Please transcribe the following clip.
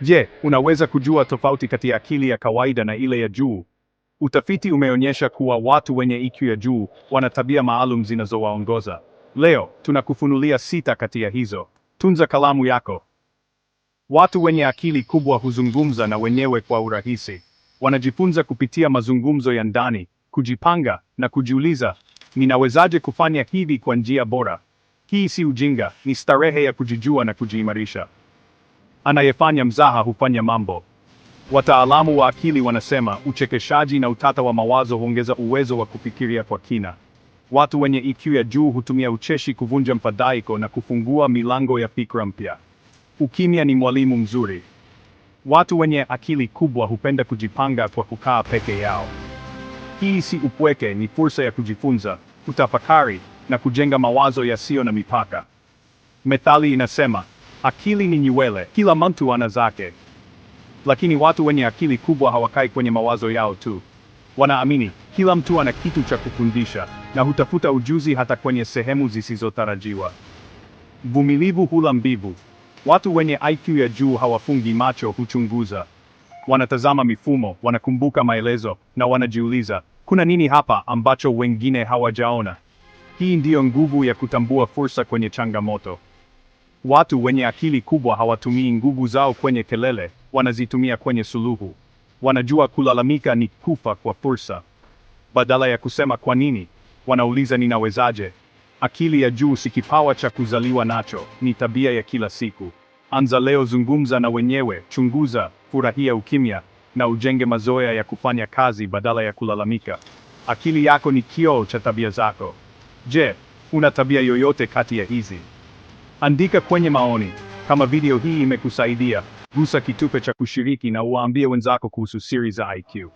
Je, unaweza kujua tofauti kati ya akili ya kawaida na ile ya juu? Utafiti umeonyesha kuwa watu wenye IQ ya juu wana tabia maalum zinazowaongoza. Leo tunakufunulia sita kati ya hizo. Tunza kalamu yako. Watu wenye akili kubwa huzungumza na wenyewe kwa urahisi. Wanajifunza kupitia mazungumzo ya ndani, kujipanga na kujiuliza, ninawezaje kufanya hivi kwa njia bora? Hii si ujinga, ni starehe ya kujijua na kujiimarisha. Anayefanya mzaha hufanya mambo. Wataalamu wa akili wanasema uchekeshaji na utata wa mawazo huongeza uwezo wa kufikiria kwa kina. Watu wenye IQ ya juu hutumia ucheshi kuvunja mfadhaiko na kufungua milango ya fikra mpya. Ukimya ni mwalimu mzuri. Watu wenye akili kubwa hupenda kujipanga kwa kukaa peke yao. Hii si upweke, ni fursa ya kujifunza, kutafakari na kujenga mawazo yasiyo na mipaka. Methali inasema Akili ni nywele, kila mtu ana zake, lakini watu wenye akili kubwa hawakai kwenye mawazo yao tu. Wanaamini kila mtu ana kitu cha kufundisha na hutafuta ujuzi hata kwenye sehemu zisizotarajiwa. Vumilivu hula mbivu. Watu wenye IQ ya juu hawafungi macho, huchunguza. Wanatazama mifumo, wanakumbuka maelezo na wanajiuliza, kuna nini hapa ambacho wengine hawajaona? Hii ndiyo nguvu ya kutambua fursa kwenye changamoto. Watu wenye akili kubwa hawatumii nguvu zao kwenye kelele, wanazitumia kwenye suluhu. Wanajua kulalamika ni kufa kwa fursa. Badala ya kusema kwa nini, wanauliza ninawezaje? Akili ya juu si kipawa cha kuzaliwa nacho, ni tabia ya kila siku. Anza leo, zungumza na wenyewe, chunguza, furahia ukimya na ujenge mazoea ya kufanya kazi badala ya kulalamika. Akili yako ni kioo cha tabia zako. Je, una tabia yoyote kati ya hizi? Andika kwenye maoni kama video hii imekusaidia. Gusa kitufe cha kushiriki na uwaambie wenzako kuhusu series za IQ.